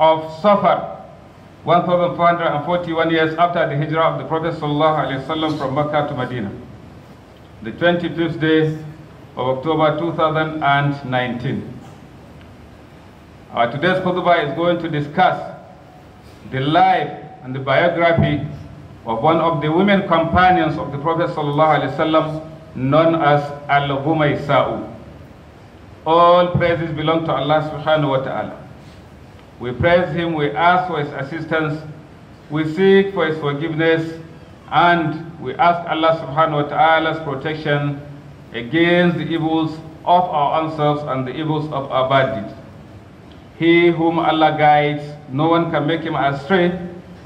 of Safar, 1,441 years after the hijrah of the Prophet ﷺ from Mecca to Medina, the 25th day of October 2019. Our today's khutbah is going to discuss the life and the biography of one of the women companions of the Prophet wasallam, known as Al-Ghumaysa'u. All praises belong to Allah subhanahu wa ta'ala. We praise him, we ask for his assistance, we seek for his forgiveness, and we ask Allah subhanahu wa ta'ala's protection against the evils of our ourselves and the evils of our bodies. He whom Allah guides, no one can make him astray,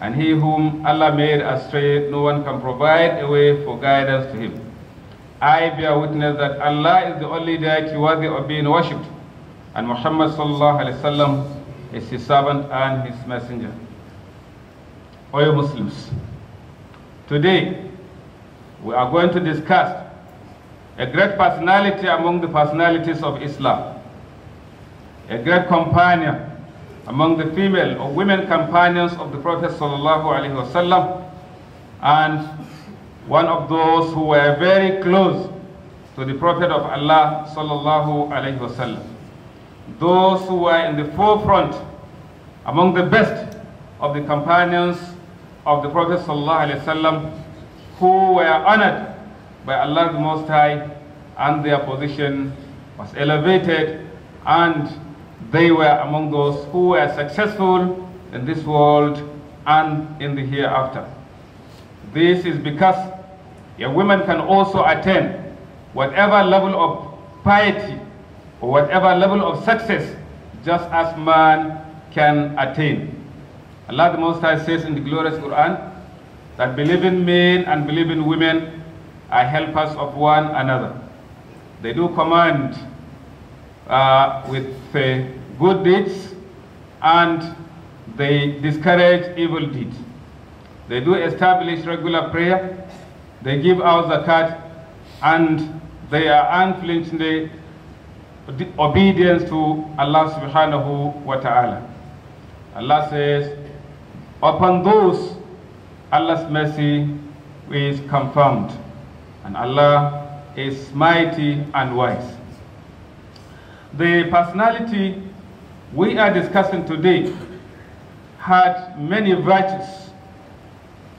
and he whom Allah made astray, no one can provide a way for guidance to him. I bear witness that Allah is the only deity worthy of being worshipped, and Muhammad sallallahu alayhi wa sallam is his servant and his messenger. O you Muslims, today we are going to discuss a great personality among the personalities of Islam, a great companion among the female or women companions of the Prophet sallallahu alaihi wasallam, and one of those who were very close to the Prophet of Allah sallallahu alaihi wasallam those who were in the forefront among the best of the companions of the Prophet ﷺ who were honored by Allah the Most High and their position was elevated and they were among those who were successful in this world and in the hereafter. This is because a woman can also attain whatever level of piety for whatever level of success just as man can attain. Allah the Most High says in the glorious Quran that believing men and believing women are helpers of one another. They do command uh, with uh, good deeds and they discourage evil deeds. They do establish regular prayer, they give out zakat, and they are unflinchingly obedience to Allah subhanahu wa ta'ala. Allah says, upon those Allah's mercy is confirmed and Allah is mighty and wise. The personality we are discussing today had many virtues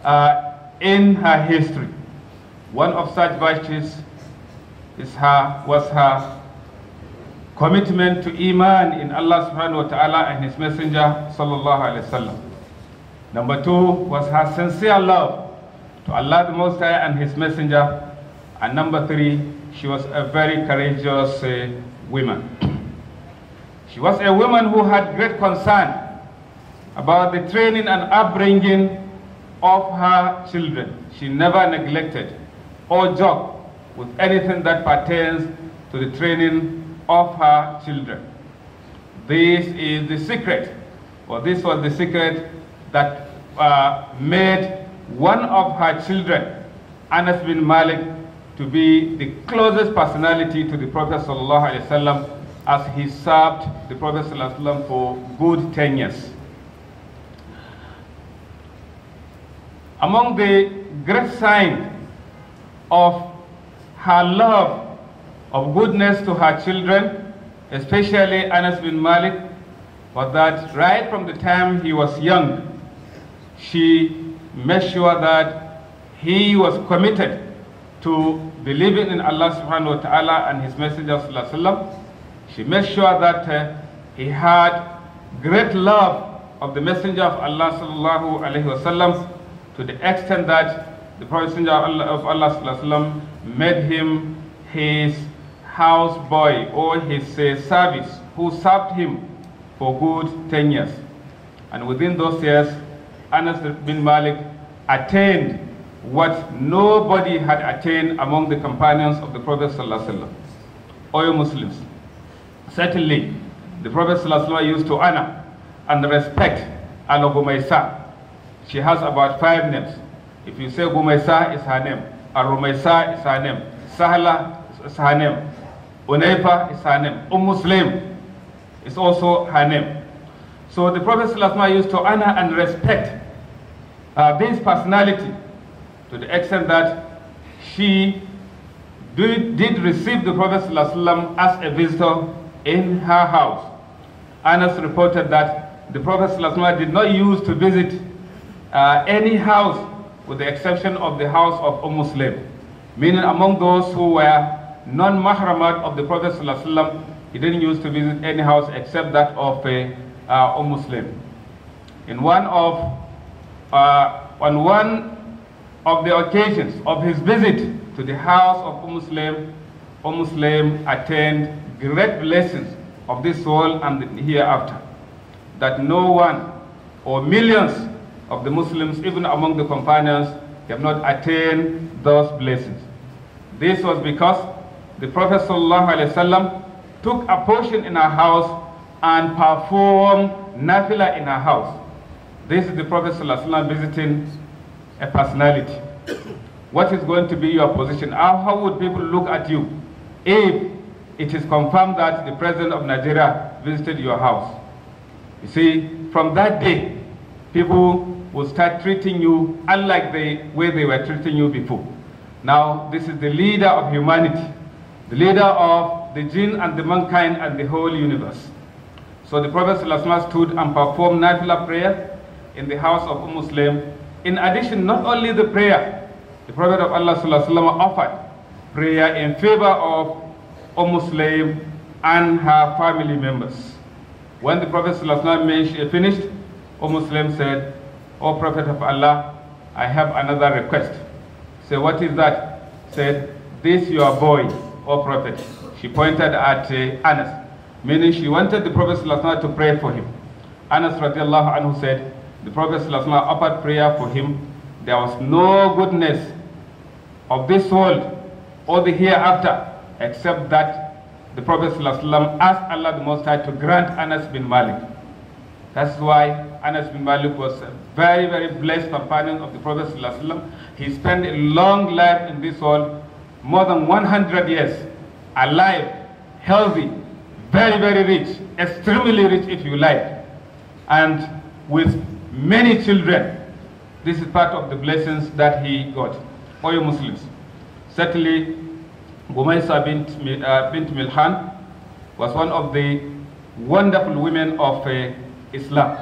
uh, in her history. One of such virtues is her, was her commitment to Iman in Allah subhanahu wa ta'ala and His Messenger sallallahu Alaihi wasallam. Number two was her sincere love to Allah the Most High and His Messenger. And number three, she was a very courageous uh, woman. She was a woman who had great concern about the training and upbringing of her children. She never neglected or joked with anything that pertains to the training of her children. This is the secret, or well, this was the secret that uh, made one of her children, Anas bin Malik, to be the closest personality to the Prophet ﷺ as he served the Prophet ﷺ for good 10 years. Among the great signs of her love of goodness to her children, especially Anas bin Malik, for that right from the time he was young, she made sure that he was committed to believing in Allah subhanahu wa ta'ala and his messenger sallallahu She made sure that uh, he had great love of the messenger of Allah sallallahu alaihi wasallam to the extent that the messenger of Allah sallallahu made him his houseboy or his uh, service who served him for good 10 years. And within those years, Anas bin Malik attained what nobody had attained among the companions of the Prophet ﷺ, all Muslims. Certainly, the Prophet ﷺ used to honor and respect Al Gumaisa. She has about five names. If you say Gumaisa, is her name. Al Rumaisa is her name. Sahla is her name. Unaifa is her name. Umm Muslim is also her name. So the Prophet ﷺ used to honor and respect uh, this personality to the extent that she did, did receive the Prophet ﷺ as a visitor in her house. Anas reported that the Prophet ﷺ did not use to visit uh, any house with the exception of the house of a umm Muslim, meaning among those who were non-mahramat of the Prophet ﷺ, he didn't use to visit any house except that of a, uh, a Muslim. In one of, uh, on one of the occasions of his visit to the house of a umm Muslim, a umm Muslim attained great blessings of this world and hereafter, that no one or millions of the Muslims, even among the companions, have not attained those blessings. This was because the Prophet ﷺ took a portion in our house and performed nafila in our house. This is the Prophet ﷺ visiting a personality. What is going to be your position? how would people look at you if it is confirmed that the President of Nigeria visited your house? You see, from that day, people will start treating you unlike the way they were treating you before. Now, this is the leader of humanity the leader of the jinn and the mankind and the whole universe. So the Prophet stood and performed Nafila prayer in the house of a umm Muslim. In addition, not only the prayer, the Prophet of Allah offered prayer in favor of a umm Muslim and her family members. When the Prophet uh, finished, a umm Muslim said, O Prophet of Allah, I have another request. Say, what is that? Said, this your boy O Prophet. She pointed at uh, Anas, meaning she wanted the Prophet to pray for him. Anas radiallahu anhu said, the Prophet offered prayer for him. There was no goodness of this world or the hereafter except that the Prophet asked Allah the Most High to grant Anas bin Malik. That's why Anas bin Malik was a very, very blessed companion of the Prophet. He spent a long life in this world more than 100 years, alive, healthy, very, very rich, extremely rich if you like, and with many children. This is part of the blessings that he got. for you Muslims. Certainly, Gumaisa bint, uh, bint Milhan was one of the wonderful women of uh, Islam.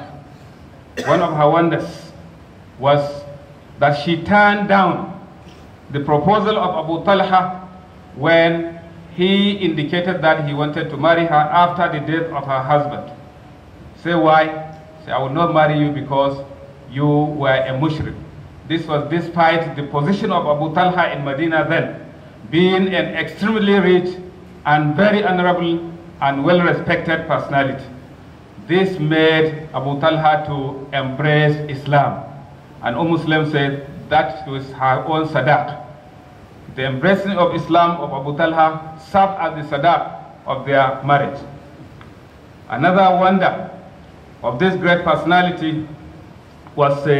One of her wonders was that she turned down the proposal of Abu Talha when he indicated that he wanted to marry her after the death of her husband. Say why? Say, I will not marry you because you were a mushrik. This was despite the position of Abu Talha in Medina then, being an extremely rich and very honorable and well-respected personality. This made Abu Talha to embrace Islam. And Umm Muslim said, that was her own sadak. The embracing of Islam of Abu Talha served as the sadak of their marriage. Another wonder of this great personality was uh,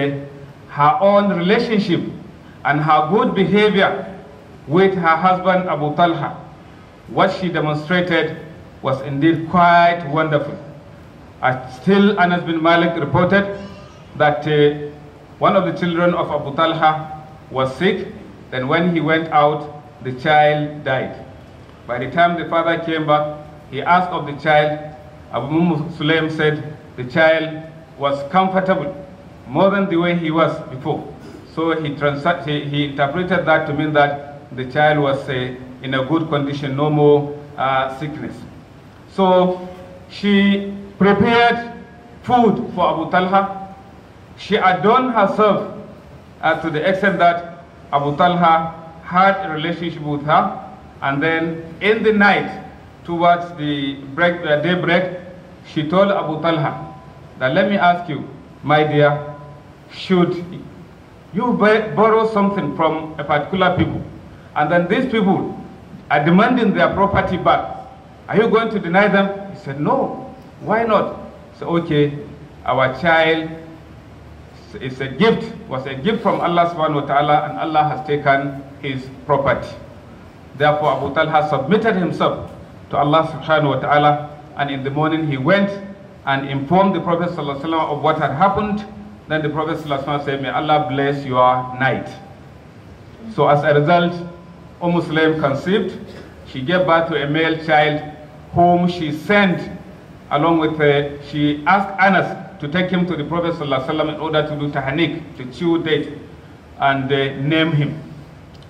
her own relationship and her good behavior with her husband Abu Talha. What she demonstrated was indeed quite wonderful. As still Anas bin Malik reported that uh, one of the children of Abu Talha was sick. Then when he went out, the child died. By the time the father came back, he asked of the child. Abu Sulaim said the child was comfortable more than the way he was before. So he, he, he interpreted that to mean that the child was uh, in a good condition, no more uh, sickness. So she prepared food for Abu Talha she adorned herself uh, to the extent that Abu Talha had a relationship with her. And then in the night, towards the break, uh, daybreak, she told Abu Talha that let me ask you, my dear, should you borrow something from a particular people and then these people are demanding their property back, are you going to deny them? He said, no, why not? He said, okay, our child it's a gift, was a gift from Allah subhanahu wa ta'ala and Allah has taken his property. Therefore Abu Talha submitted himself to Allah subhanahu wa ta'ala and in the morning he went and informed the Prophet sallallahu alaihi wasallam of what had happened. Then the Prophet sallallahu alaihi wasallam said, may Allah bless your night. So as a result, a umm Muslim conceived. She gave birth to a male child whom she sent along with her. She asked Anas to take him to the Prophet ﷺ in order to do tahaniq, to chew date and uh, name him.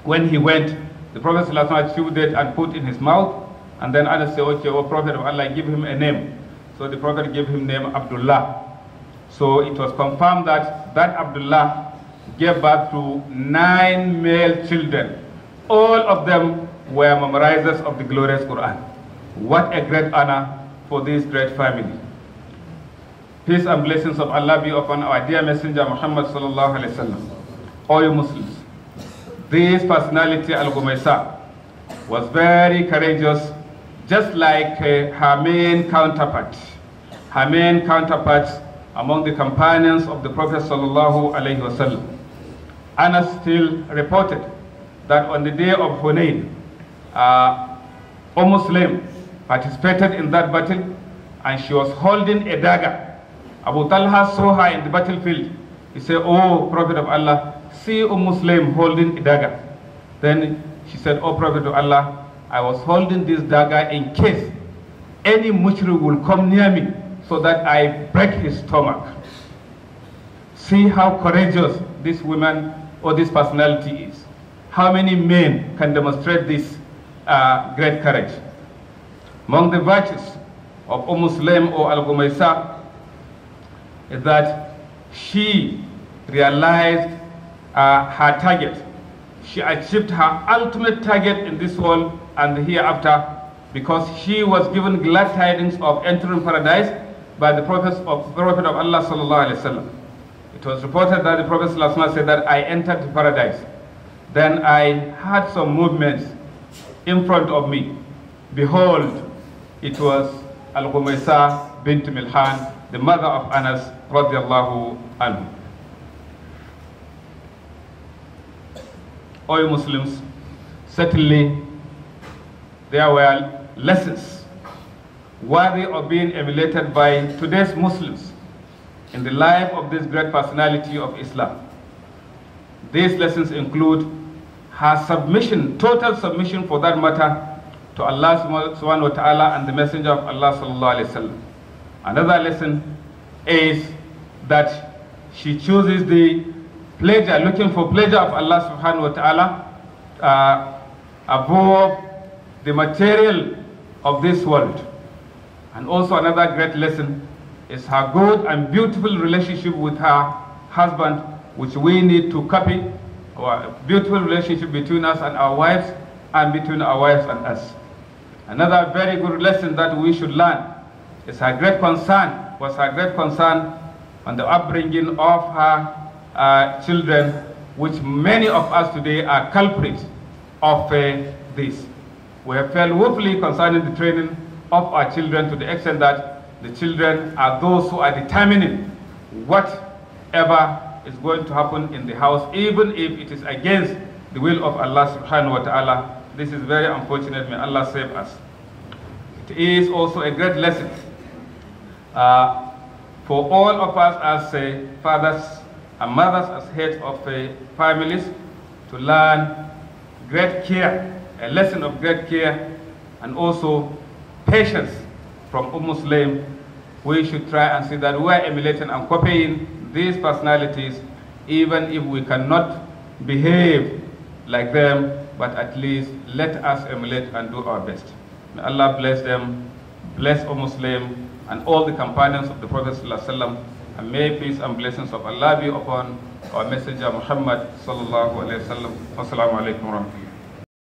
When he went, the Prophet ﷺ chewed it and put in his mouth and then others say, okay, O Prophet of Allah, give him a name. So the Prophet gave him name Abdullah. So it was confirmed that that Abdullah gave birth to nine male children. All of them were memorizers of the glorious Quran. What a great honor for this great family. Peace and blessings of Allah be upon our dear messenger Muhammad sallallahu alayhi wasallam. All you Muslims. This personality, Al-Gumaysa, was very courageous, just like uh, her main counterpart. Her main counterpart among the companions of the Prophet sallallahu alayhi wasallam. Anas still reported that on the day of Hunayn, uh, a Muslim participated in that battle and she was holding a dagger Abu Talha saw her in the battlefield. He said, Oh, Prophet of Allah, see a Muslim holding a dagger. Then she said, Oh, Prophet of Allah, I was holding this dagger in case any mushrik will come near me so that I break his stomach. See how courageous this woman or this personality is. How many men can demonstrate this uh, great courage? Among the virtues of Umm Muslim or Al-Gumaysa that she realized uh, her target. She achieved her ultimate target in this world and hereafter because she was given glad tidings of entering paradise by the prophet of, prophet of Allah sallallahu alaihi wasallam. It was reported that the prophet sallallahu said that I entered paradise. Then I heard some movements in front of me. Behold, it was Al-Ghumaysah bint Milhan, the mother of Anas radiallahu anhu. All Muslims, certainly there were lessons worthy of being emulated by today's Muslims in the life of this great personality of Islam. These lessons include her submission, total submission for that matter, to Allah subhanahu wa ta'ala and the Messenger of Allah sallallahu alayhi wa sallam. Another lesson is that she chooses the pleasure, looking for pleasure of Allah subhanahu wa ta'ala uh, above the material of this world. And also another great lesson is her good and beautiful relationship with her husband, which we need to copy, our beautiful relationship between us and our wives, and between our wives and us. Another very good lesson that we should learn it's her great concern, was her great concern on the upbringing of her uh, children, which many of us today are culprits of uh, this. We have failed woefully concerning the training of our children to the extent that the children are those who are determining whatever is going to happen in the house, even if it is against the will of Allah subhanahu wa ta'ala. This is very unfortunate. May Allah save us. It is also a great lesson uh, for all of us as uh, fathers and mothers, as heads of uh, families, to learn great care, a lesson of great care, and also patience from Umm Muslim, we should try and see that we are emulating and copying these personalities, even if we cannot behave like them, but at least let us emulate and do our best. May Allah bless them, bless Umm Muslim, and all the companions of the Prophet ﷺ, and may peace and blessings of Allah be upon our messenger Muhammad sallallahu Assalamu alaikum